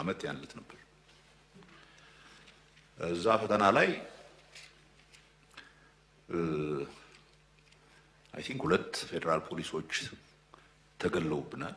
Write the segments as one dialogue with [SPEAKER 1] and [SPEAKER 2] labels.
[SPEAKER 1] ዓመት ያንለት ነበር። እዛ ፈተና ላይ አይ ቲንክ ሁለት ፌዴራል ፖሊሶች ተገለውብናል።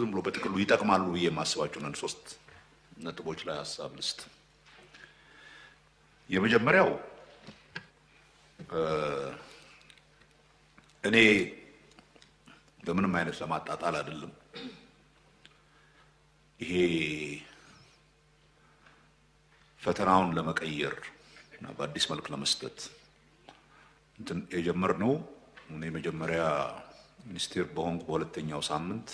[SPEAKER 1] ዝም ብሎ በጥቅሉ ይጠቅማሉ ብዬ የማስባቸው ሶስት ነጥቦች ላይ ሀሳብ ልስጥ። የመጀመሪያው እኔ በምንም አይነት ለማጣጣል አይደለም። ይሄ ፈተናውን ለመቀየር እና በአዲስ መልክ ለመስጠት እንትን የጀመርነው እኔ መጀመሪያ ሚኒስቴር በሆንኩ በሁለተኛው ሳምንት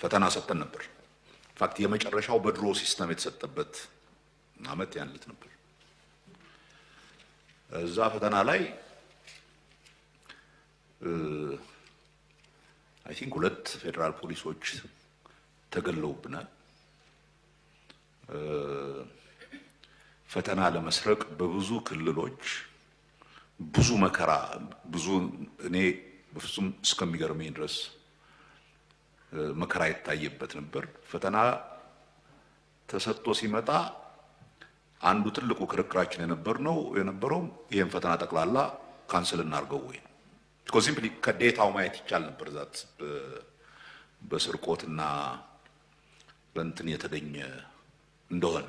[SPEAKER 1] ፈተና ሰጥተን ነበር። ኢንፋክት የመጨረሻው በድሮ ሲስተም የተሰጠበት አመት ያን ነበር። እዛ ፈተና ላይ አይ ቲንክ ሁለት ፌዴራል ፖሊሶች ተገለውብናል። ፈተና ለመስረቅ በብዙ ክልሎች ብዙ መከራ ብዙ እኔ በፍጹም እስከሚገርመኝ ድረስ መከራ ይታየበት ነበር። ፈተና ተሰጥቶ ሲመጣ አንዱ ትልቁ ክርክራችን የነበር ነው የነበረው ይህን ፈተና ጠቅላላ ካንስል እናርገው ወይ ኮ ሲምፕሊ ከዴታው ማየት ይቻል ነበር። ዛት በስርቆትና በእንትን የተገኘ እንደሆነ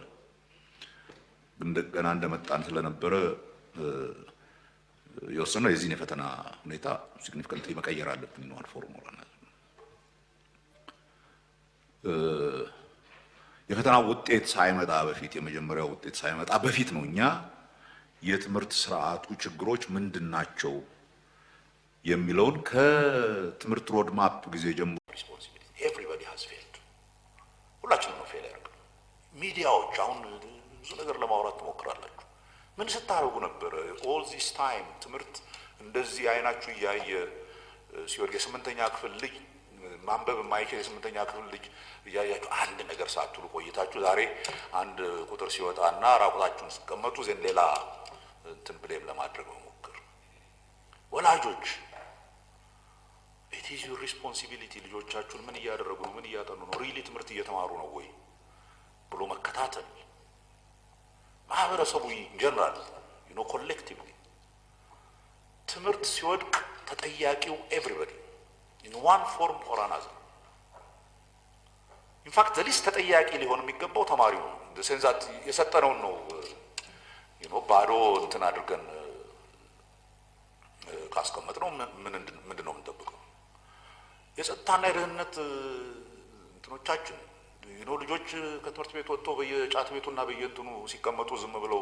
[SPEAKER 1] እንደገና እንደመጣን ስለነበረ የወሰነው የዚህን የፈተና ሁኔታ ሲግኒፊካንት መቀየር አለብን ነው። የፈተና ውጤት ሳይመጣ በፊት የመጀመሪያው ውጤት ሳይመጣ በፊት ነው እኛ የትምህርት ስርዓቱ ችግሮች ምንድን ናቸው የሚለውን ከትምህርት ሮድማፕ ጊዜ ጀምሮ ሁላችንም ነው ፌል ያደርግ። ሚዲያዎች አሁን ብዙ ነገር ለማውራት ትሞክራላችሁ። ምን ስታደርጉ ነበረ? ኦል ዚስ ታይም ትምህርት እንደዚህ አይናችሁ እያየ ሲወድቅ የስምንተኛ ክፍል ልጅ ማንበብ የማይችል የስምንተኛ ክፍል ልጅ እያያችሁ አንድ ነገር ሳትሉ ቆይታችሁ ዛሬ አንድ ቁጥር ሲወጣ እና ራቁታችሁን ስቀመጡ ዜን ሌላ እንትን ብሌም ለማድረግ መሞክር። ወላጆች ኢት ዩር ሪስፖንሲቢሊቲ ልጆቻችሁን ምን እያደረጉ ነው፣ ምን እያጠኑ ነው፣ ሪሊ ትምህርት እየተማሩ ነው ወይ ብሎ መከታተል። ማህበረሰቡ ጀነራል ዩኖ ኮሌክቲቭ ትምህርት ሲወድቅ ተጠያቂው ኤቭሪበዲ ኢን ዋን ፎርም ኦር አናዘር። ኢንፋክት ሊስ ተጠያቂ ሊሆን የሚገባው ተማሪው ነው። ሴንዛት የሰጠነውን ነው ባዶ እንትን አድርገን ካስቀመጥ ነው ምንድን ነው የምንጠብቀው? የጸጥታና የደህንነት እንትኖቻችን ኖ ልጆች ከትምህርት ቤት ወጥተው በየጫት ቤቱና በየእንትኑ ሲቀመጡ ዝም ብለው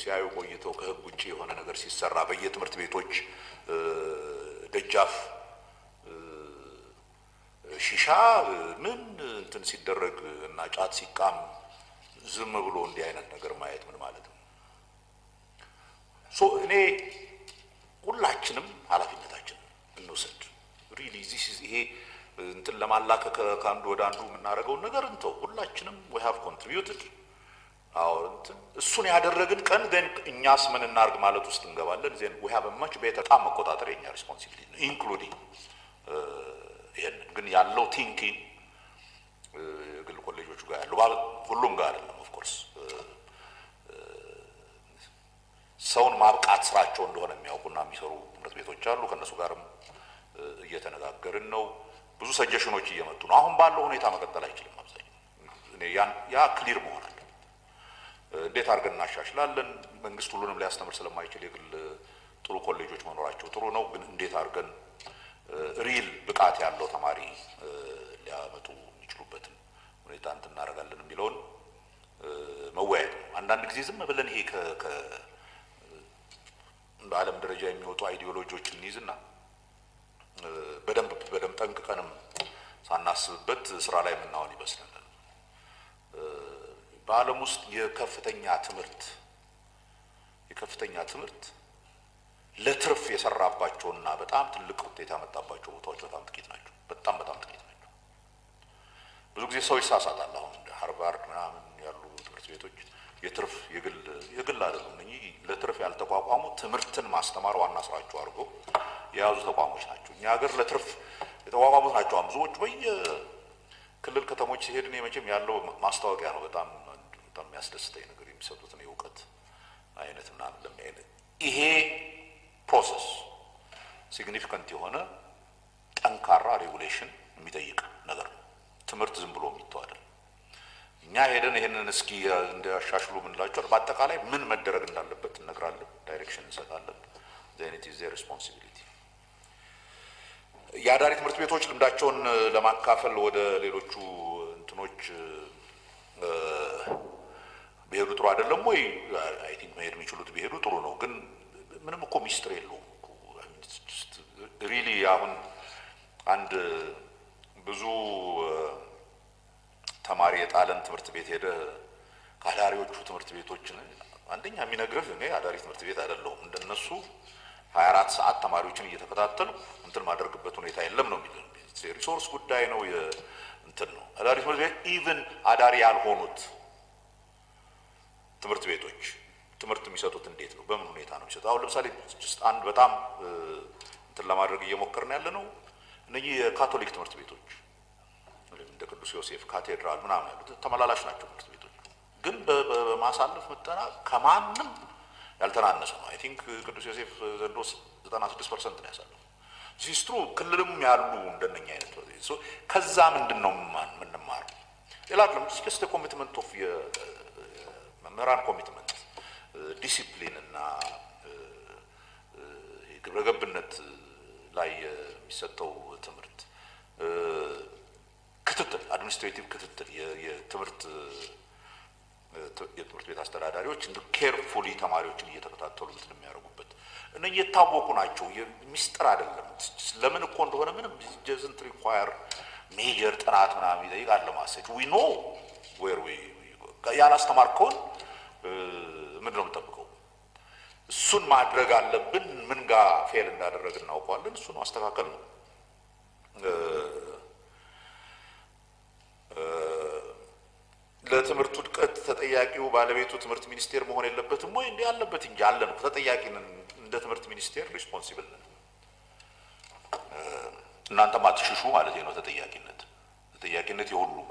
[SPEAKER 1] ሲያዩ ቆይተው ከህግ ውጭ የሆነ ነገር ሲሰራ በየትምህርት ቤቶች ደጃፍ ሺሻ ምን እንትን ሲደረግ እና ጫት ሲቃም ዝም ብሎ እንዲህ አይነት ነገር ማየት ምን ማለት ነው? ሶ እኔ ሁላችንም ኃላፊነታችን እንውሰድ። ሪሊ ዚስ ይሄ እንትን ለማላከክ ከአንዱ ወደ አንዱ የምናደርገውን ነገር እንተው። ሁላችንም ዊ ኮንትሪቢዩትድ እሱን ያደረግን ቀን ዜን እኛስ ምን እናርግ ማለት ውስጥ እንገባለን። ዜን ዊ ሃቭ መች ቤተር በጣም መቆጣጠር የኛ ሪስፖንሲቢሊቲ ነው ኢንክሉዲንግ ይሄንን ግን ያለው ቲንኪንግ የግል ኮሌጆቹ ጋር ያለው ሁሉም ጋር አይደለም። ኦፍኮርስ ሰውን ማብቃት ስራቸው እንደሆነ የሚያውቁና የሚሰሩ ትምህርት ቤቶች አሉ። ከእነሱ ጋርም እየተነጋገርን ነው። ብዙ ሰጀሽኖች እየመጡ ነው። አሁን ባለው ሁኔታ መቀጠል አይችልም አብዛኛው። ያ ክሊር መሆን አለ። እንዴት አድርገን እናሻሽላለን? መንግስት ሁሉንም ሊያስተምር ስለማይችል የግል ጥሩ ኮሌጆች መኖራቸው ጥሩ ነው። ግን እንዴት አድርገን ሪል ብቃት ያለው ተማሪ ሊያመጡ የሚችሉበትን ሁኔታ እንትን እናደርጋለን የሚለውን መወያየት ነው። አንዳንድ ጊዜ ዝም ብለን ይሄ በዓለም ደረጃ የሚወጡ አይዲዮሎጂዎች እንይዝና በደንብ በደንብ ጠንቅቀንም ሳናስብበት ስራ ላይ የምናውን ይመስለናል። በዓለም ውስጥ የከፍተኛ ትምህርት የከፍተኛ ትምህርት ለትርፍ የሰራባቸውና በጣም ትልቅ ውጤት ያመጣባቸው ቦታዎች በጣም ጥቂት ናቸው። በጣም በጣም ጥቂት ናቸው። ብዙ ጊዜ ሰው ይሳሳታል። አሁን እንደ ሀርቫርድ ምናምን ያሉ ትምህርት ቤቶች የትርፍ የግል የግል አይደሉም እ ለትርፍ ያልተቋቋሙ ትምህርትን ማስተማር ዋና ስራቸው አድርጎ የያዙ ተቋሞች ናቸው። እኛ ሀገር ለትርፍ የተቋቋሙት ናቸው። ብዙዎቹ በየክልል ከተሞች ሲሄድ እኔ መቼም ያለው ማስታወቂያ ነው። በጣም በጣም የሚያስደስተኝ ነገር የሚሰጡትን የእውቀት አይነት ምናምን ለሚያይነት ይሄ ፕሮሰስ ሲግኒፊካንት የሆነ ጠንካራ ሬጉሌሽን የሚጠይቅ ነገር ነው። ትምህርት ዝም ብሎ የሚተው እኛ ሄደን ይሄንን እስኪ እንዲያሻሽሉ ምንላቸዋል። በአጠቃላይ ምን መደረግ እንዳለበት እነግራለን፣ ዳይሬክሽን እንሰጣለን። ዘኔት ዘ ሬስፖንሲቢሊቲ የአዳሪ ትምህርት ቤቶች ልምዳቸውን ለማካፈል ወደ ሌሎቹ እንትኖች ቢሄዱ ጥሩ አይደለም ወይ? አይ ቲንክ መሄድ የሚችሉት ቢሄዱ ጥሩ ነው ግን ምንም እኮ ሚስጥር የለውም። ሪሊ አሁን አንድ ብዙ ተማሪ የጣለን ትምህርት ቤት ሄደ ከአዳሪዎቹ ትምህርት ቤቶች አንደኛ የሚነግርህ እኔ አዳሪ ትምህርት ቤት አይደለሁም እንደነሱ ሀያ አራት ሰዓት ተማሪዎችን እየተከታተሉ እንትን ማደርግበት ሁኔታ የለም ነው የሚል ሪሶርስ ጉዳይ ነው እንትን ነው አዳሪ ትምህርት ቤት ኢቨን አዳሪ ያልሆኑት ትምህርት ቤቶች ትምህርት የሚሰጡት እንዴት ነው? በምን ሁኔታ ነው የሚሰጡት? አሁን ለምሳሌ አንድ በጣም እንትን ለማድረግ እየሞከርን ያለ ነው። እነዚህ የካቶሊክ ትምህርት ቤቶች እንደ ቅዱስ ዮሴፍ ካቴድራል ምናምን ያሉት ተመላላሽ ናቸው ትምህርት ቤቶች፣ ግን በማሳለፍ ምጠና ከማንም ያልተናነሰ ነው። አይ ቲንክ ቅዱስ ዮሴፍ ዘንድሮ ስድስት ፐርሰንት ነው ያሳለፉ ሲስትሩ ክልልም ያሉ እንደነኛ አይነት ከዛ ምንድን ነው የምንማረው? ሌላ ለም ኮሚትመንት ኦፍ የመምህራን ኮሚትመንት ዲሲፕሊን እና ግብረገብነት ላይ የሚሰጠው ትምህርት ክትትል፣ አድሚኒስትሬቲቭ ክትትል የትምህርት የትምህርት ቤት አስተዳዳሪዎች እንደ ኬርፉሊ ተማሪዎችን እየተከታተሉ እንትን የሚያደርጉበት እነ እየታወቁ ናቸው። ሚስጥር አይደለም። ለምን እኮ እንደሆነ ምንም ጀዝንት ሪኳየር ሜጀር ጥናት ምናምን ይጠይቃል። ለማሰጅ ዊ ኖ ዌር ያላስተማርከውን ምንድን ነው የምጠብቀው? እሱን ማድረግ አለብን። ምን ጋ ፌል እንዳደረግ እናውቀዋለን። እሱን ማስተካከል ነው። ለትምህርቱ ውድቀት ተጠያቂው ባለቤቱ ትምህርት ሚኒስቴር መሆን የለበትም ወይ? እንዲህ አለበት እንጂ አለን። ተጠያቂ ነን። እንደ ትምህርት ሚኒስቴር ሪስፖንሲብል ነን። እናንተም አትሽሹ ማለት ነው። ተጠያቂነት ተጠያቂነት የሁሉም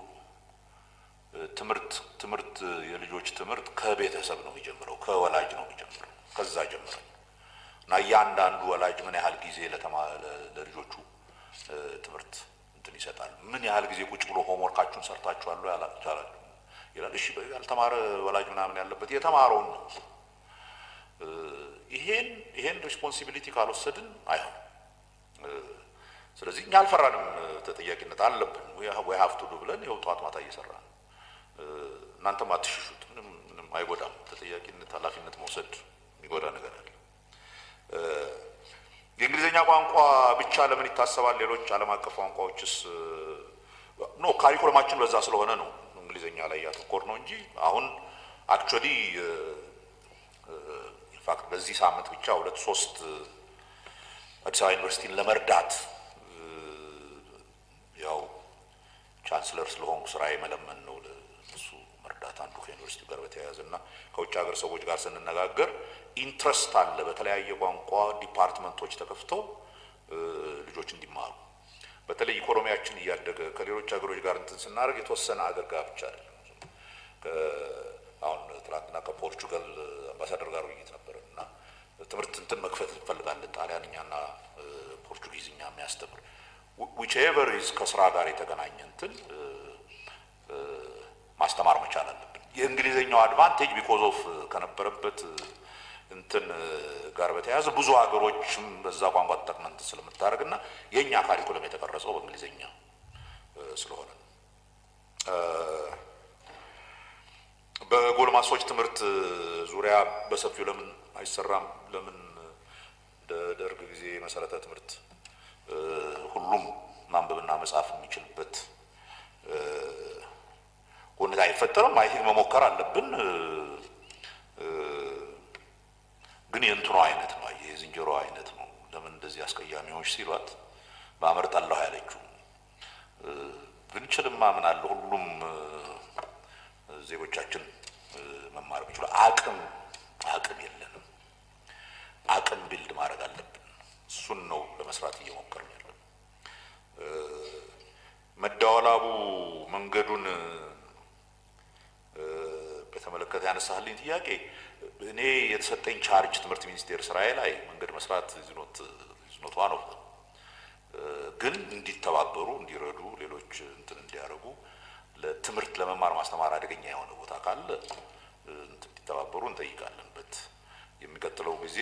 [SPEAKER 1] ትምህርት ትምህርት የልጆች ትምህርት ከቤተሰብ ነው የሚጀምረው፣ ከወላጅ ነው የሚጀምረው። ከዛ ጀምረ እና እያንዳንዱ ወላጅ ምን ያህል ጊዜ ለልጆቹ ትምህርት እንትን ይሰጣል። ምን ያህል ጊዜ ቁጭ ብሎ ሆምወርካችሁን ሰርታችኋል ያላችኋል ይላል። እሺ ያልተማረ ወላጅ ምናምን ያለበት የተማረውን ነው። ይሄን ይሄን ሪስፖንሲቢሊቲ ካልወሰድን አይሆን። ስለዚህ እኛ አልፈራንም፣ ተጠያቂነት አለብን ወይ ሀፍቱ ብለን ይኸው ማታ እየሰራ ነው። እናንተም አትሽሹት። ምንም ምንም አይጎዳም። ተጠያቂነት፣ ኃላፊነት መውሰድ የሚጎዳ ነገር አለ። የእንግሊዝኛ ቋንቋ ብቻ ለምን ይታሰባል? ሌሎች ዓለም አቀፍ ቋንቋዎችስ? ኖ ካሪኩለማችን በዛ ስለሆነ ነው እንግሊዝኛ ላይ ያተኮር ነው እንጂ አሁን አክቹዋሊ ኢንፋክት በዚህ ሳምንት ብቻ ሁለት ሶስት አዲስ አበባ ዩኒቨርሲቲን ለመርዳት ያው ቻንስለር ስለሆንኩ ስራ የመለመን ነው አንዱ ዩኒቨርሲቲ ጋር በተያያዘና ከውጭ ሀገር ሰዎች ጋር ስንነጋገር ኢንትረስት አለ በተለያየ ቋንቋ ዲፓርትመንቶች ተከፍተው ልጆች እንዲማሩ በተለይ ኢኮኖሚያችን እያደገ ከሌሎች ሀገሮች ጋር እንትን ስናደርግ የተወሰነ አገር ጋር ብቻ አይደለም። አሁን ትናንትና ከፖርቹጋል አምባሳደር ጋር ውይይት ነበር እና ትምህርት እንትን መክፈት እንፈልጋለን ጣሊያንኛና ፖርቹጊዝኛ የሚያስተምር ዊችኤቨር ከስራ ጋር የተገናኘ እንትን ማስተማር መቻል የእንግሊዝኛው አድቫንቴጅ ቢኮዝ ኦፍ uh, ከነበረበት uh, እንትን uh, ጋር በተያያዘ ብዙ ሀገሮችም በዛ ቋንቋ ስለምታደርግ እና የእኛ ካሪኩለም የተቀረጸው በእንግሊዝኛ ስለሆነ በጎልማሶች ትምህርት ዙሪያ በሰፊው ለምን አይሰራም? ለምን ደርግ ጊዜ መሰረተ ትምህርት ሁሉም ማንበብና መጻፍ የሚችልበት ሁኔታ አይፈጠርም። አይ ቲንክ መሞከር አለብን። ግን የእንትኗ አይነት ነው፣ የዝንጀሮ አይነት ነው። ለምን እንደዚህ አስቀያሚዎች ሲሏት ባመርጣለሁ ያለችው ብንችልማ ምን አለ ሁሉም ዜጎቻችን መማር ቢችሉ። አቅም አቅም የለንም። አቅም ቢልድ ማድረግ አለብን። እሱን ነው ለመስራት እየሞከርን ያለን። መዳወላቡ መንገዱን በተመለከተ ያነሳልኝ ጥያቄ እኔ የተሰጠኝ ቻርጅ ትምህርት ሚኒስቴር ስራዬ ላይ መንገድ መስራት ዝኖት ነው። ግን እንዲተባበሩ እንዲረዱ፣ ሌሎች እንትን እንዲያደርጉ ለትምህርት ለመማር ማስተማር አደገኛ የሆነ ቦታ ካለ እንዲተባበሩ እንጠይቃለንበት የሚቀጥለው ጊዜ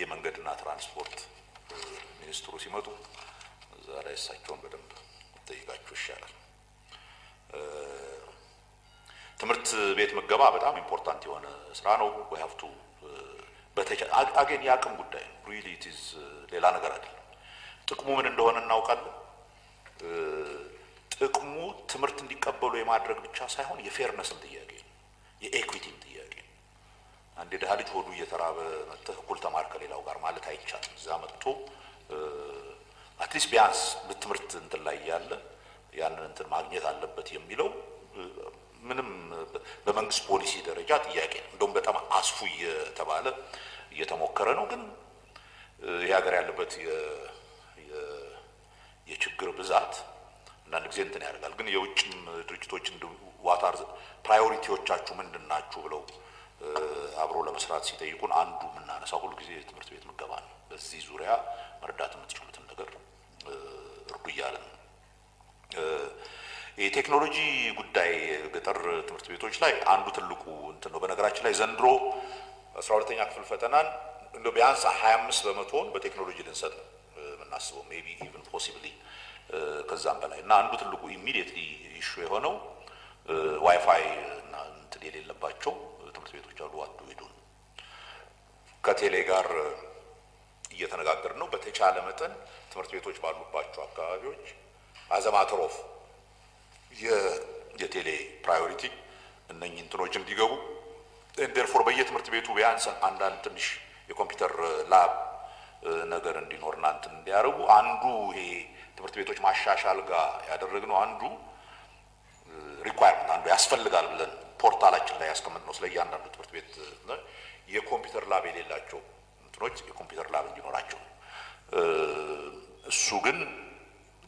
[SPEAKER 1] የመንገድና ትራንስፖርት ሚኒስትሩ ሲመጡ እዛ ላይ እሳቸውን በደንብ ጠይቃችሁ ይሻላል። ትምህርት ቤት ምገባ በጣም ኢምፖርታንት የሆነ ስራ ነው። ወይ ሃቭ ቱ አገን የአቅም ጉዳይ ነው። ሪሊ ኢት ኢዝ ሌላ ነገር አይደለም። ጥቅሙ ምን እንደሆነ እናውቃለን። uh, ጥቅሙ ትምህርት እንዲቀበሉ የማድረግ ብቻ ሳይሆን የፌርነስን ጥያቄ ነው፣ የኤኩዊቲም ጥያቄ ነው። አንድ የድሃ ልጅ ሆዱ እየተራበ መጥተህ እኩል ተማር ከሌላው ጋር ማለት አይቻልም። እዛ መጥቶ አትሊስት uh, ቢያንስ ትምህርት እንትን ላይ ያለ ያንን እንትን ማግኘት አለበት የሚለው በመንግስት ፖሊሲ ደረጃ ጥያቄ ነው። እንደውም በጣም አስፉ እየተባለ እየተሞከረ ነው። ግን ይህ ሀገር ያለበት የችግር ብዛት አንዳንድ ጊዜ እንትን ያደርጋል። ግን የውጭም ድርጅቶች ዋታር ፕራዮሪቲዎቻችሁ ምንድን ናችሁ ብለው አብሮ ለመስራት ሲጠይቁን አንዱ የምናነሳው ሁል ጊዜ የትምህርት ቤት ምገባ ነው። በዚህ ዙሪያ መርዳት የምትችሉትን ነገር እርዱ ነው። የቴክኖሎጂ ጉዳይ ገጠር ትምህርት ቤቶች ላይ አንዱ ትልቁ እንትን ነው። በነገራችን ላይ ዘንድሮ አስራ ሁለተኛ ክፍል ፈተናን እንደ ቢያንስ ሀያ አምስት በመቶውን በቴክኖሎጂ ልንሰጥ ነው የምናስበው ሜቢ ኢቭን ፖሲብሊ ከዛም በላይ እና አንዱ ትልቁ ኢሚዲየትሊ ኢሹ የሆነው ዋይፋይ እና እንትን የሌለባቸው ትምህርት ቤቶች አሉ። ዋቱ ሄዱን ከቴሌ ጋር እየተነጋገር ነው። በተቻለ መጠን ትምህርት ቤቶች ባሉባቸው አካባቢዎች አዘማትሮፍ የቴሌ ፕራዮሪቲ እነኚህ እንትኖች እንዲገቡ ዴርፎር በየትምህርት ቤቱ ቢያንስ አንዳንድ ትንሽ የኮምፒውተር ላብ ነገር እንዲኖርና እንትን እንዲያደርጉ አንዱ ይሄ ትምህርት ቤቶች ማሻሻል ጋር ያደረግነው አንዱ ሪኳየርመንት አንዱ ያስፈልጋል ብለን ፖርታላችን ላይ ያስቀመጥነው ስለ እያንዳንዱ ትምህርት ቤት የኮምፒውተር ላብ የሌላቸው እንትኖች የኮምፒውተር ላብ እንዲኖራቸው እሱ ግን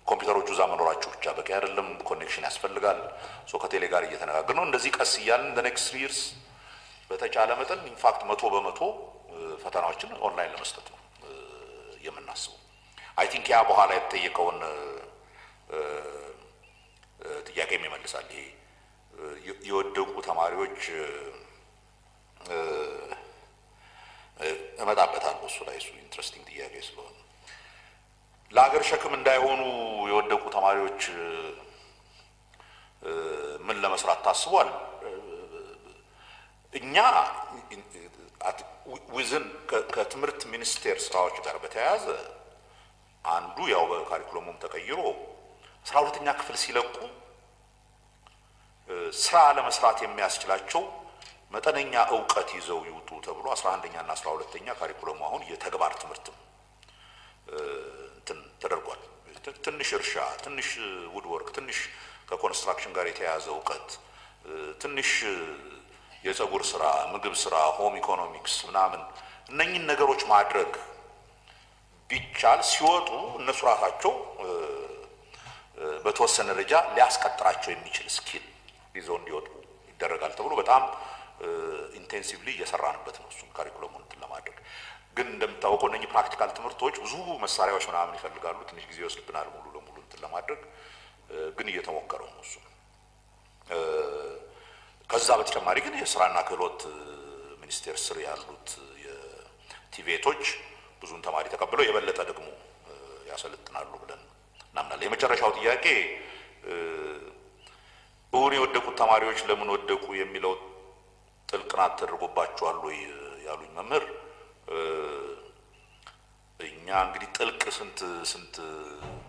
[SPEAKER 1] ኮምፒውተሮቹ እዛ መኖራቸው ብቻ በቂ አይደለም። ኮኔክሽን ያስፈልጋል። ሶ ከቴሌ ጋር እየተነጋገር ነው። እንደዚህ ቀስ እያልን ኔክስት ይርስ በተቻለ መጠን ኢንፋክት መቶ በመቶ uh, ፈተናዎችን ኦንላይን ለመስጠት ነው uh, የምናስበው። አይ ቲንክ ያ በኋላ የተጠየቀውን uh, ጥያቄም ይመልሳል። ይሄ የወደቁ ተማሪዎች እመጣበታለሁ እሱ ላይ እሱ ኢንትረስቲንግ ጥያቄ ስለሆነ ለሀገር ሸክም እንዳይሆኑ የወደቁ ተማሪዎች ምን ለመስራት ታስቧል? እኛ ዊዝን ከትምህርት ሚኒስቴር ስራዎች ጋር በተያያዘ አንዱ ያው በካሪኩለሙም ተቀይሮ አስራ ሁለተኛ ክፍል ሲለቁ ስራ ለመስራት የሚያስችላቸው መጠነኛ እውቀት ይዘው ይውጡ ተብሎ አስራ አንደኛ እና አስራ ሁለተኛ ካሪኩለሙ አሁን የተግባር ትምህርት ትንሽ እርሻ፣ ትንሽ ውድወርክ፣ ትንሽ ከኮንስትራክሽን ጋር የተያያዘ እውቀት፣ ትንሽ የጸጉር ስራ፣ ምግብ ስራ፣ ሆም ኢኮኖሚክስ ምናምን እነኝን ነገሮች ማድረግ ቢቻል ሲወጡ እነሱ ራሳቸው በተወሰነ ደረጃ ሊያስቀጥራቸው የሚችል ስኪል ይዘው እንዲወጡ ይደረጋል ተብሎ በጣም ኢንቴንሲቭሊ እየሰራንበት ነው እሱን ካሪኩለሙን ግን እንደምታወቀው እነኚህ ፕራክቲካል ትምህርቶች ብዙ መሳሪያዎች ምናምን ይፈልጋሉ። ትንሽ ጊዜ ይወስድብናል ሙሉ ለሙሉ እንትን ለማድረግ ግን እየተሞከረው ነው እሱ። ከዛ በተጨማሪ ግን የስራና ክህሎት ሚኒስቴር ስር ያሉት የቲቬቶች ብዙን ተማሪ ተቀብለው የበለጠ ደግሞ ያሰለጥናሉ ብለን እናምናለን። የመጨረሻው ጥያቄ እውን የወደቁት ተማሪዎች ለምን ወደቁ የሚለው ጥልቅናት ተደርጎባቸዋል ወይ ያሉኝ መምህር እኛ እንግዲህ ጥልቅ ስንት ስንት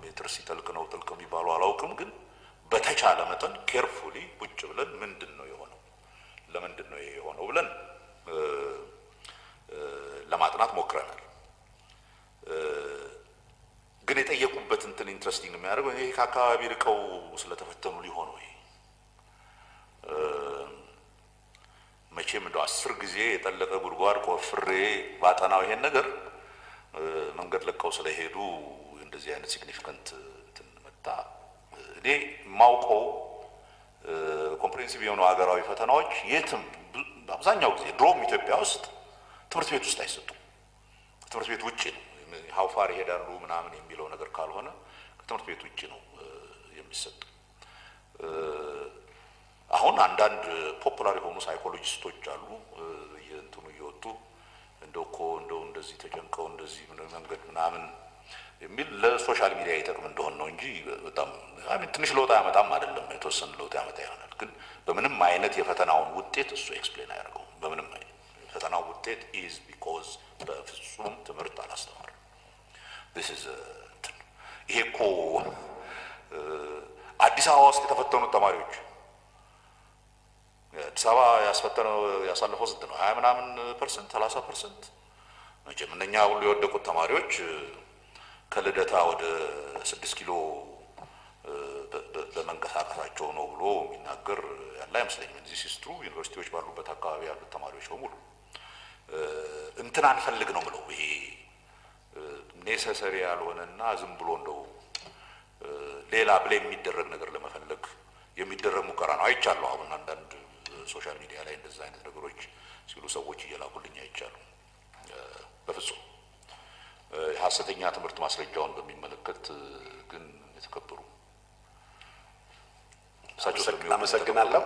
[SPEAKER 1] ሜትር ሲጠልቅ ነው ጥልቅ የሚባለው አላውቅም፣ ግን በተቻለ መጠን ኬርፉሊ ቁጭ ብለን ምንድን ነው የሆነው ለምንድን ነው ይሄ የሆነው ብለን ለማጥናት ሞክረናል። ግን የጠየቁበት እንትን ኢንትረስቲንግ የሚያደርገው ይሄ ከአካባቢ ርቀው ስለተፈተኑ ሊሆኑ መቼም እንደው አስር ጊዜ የጠለቀ ጉድጓድ ቆፍሬ ባጠናው ይሄን ነገር መንገድ ለቀው ስለሄዱ እንደዚህ አይነት ሲግኒፊካንት እንትን መጣ። እኔ የማውቀው ኮምፕሬንሲቭ የሆኑ ሀገራዊ ፈተናዎች የትም አብዛኛው ጊዜ ድሮም ኢትዮጵያ ውስጥ ትምህርት ቤት ውስጥ አይሰጡም። ትምህርት ቤት ውጭ ነው ሀውፋር ይሄዳሉ ምናምን የሚለው ነገር ካልሆነ ከትምህርት ቤት ውጭ ነው የሚሰጡ አሁን አንዳንድ ፖፑላር የሆኑ ሳይኮሎጂስቶች አሉ እንትኑ እየወጡ እንደው ኮ እንደው እንደዚህ ተጨንቀው እንደዚህ መንገድ ምናምን የሚል ለሶሻል ሚዲያ ይጠቅም እንደሆን ነው እንጂ በጣም ትንሽ ለውጥ አያመጣም አይደለም። የተወሰነ ለውጥ ያመጣ ይሆናል፣ ግን በምንም አይነት የፈተናውን ውጤት እሱ ኤክስፕሌን አያደርገውም። በምንም አይነት የፈተናው ውጤት ኢዝ ቢኮዝ በፍጹም ትምህርት አላስተማርም። ይሄ እኮ አዲስ አበባ ውስጥ የተፈተኑት ተማሪዎች አዲስ አበባ ያስፈተነው ያሳለፈው ስንት ነው? ሀያ ምናምን ፐርሰንት ሰላሳ ፐርሰንት መቼም እነኛ ሁሉ የወደቁት ተማሪዎች ከልደታ ወደ ስድስት ኪሎ በመንቀሳቀሳቸው ነው ብሎ የሚናገር ያለ አይመስለኝም። እዚህ ሲስትሩ ዩኒቨርሲቲዎች ባሉበት አካባቢ ያሉት ተማሪዎች በሙሉ እንትን አንፈልግ ነው ብለው ይሄ ኔሰሰሪ ያልሆነና ዝም ብሎ እንደው ሌላ ብለ የሚደረግ ነገር ለመፈለግ የሚደረግ ሙከራ ነው። አይቻለሁ አሁን አንዳንድ ሶሻል ሚዲያ ላይ እንደዛ አይነት ነገሮች ሲሉ ሰዎች እየላኩልኝ አይቻሉ። በፍጹም ሀሰተኛ ትምህርት ማስረጃውን በሚመለከት ግን የተከበሩ አመሰግናለሁ።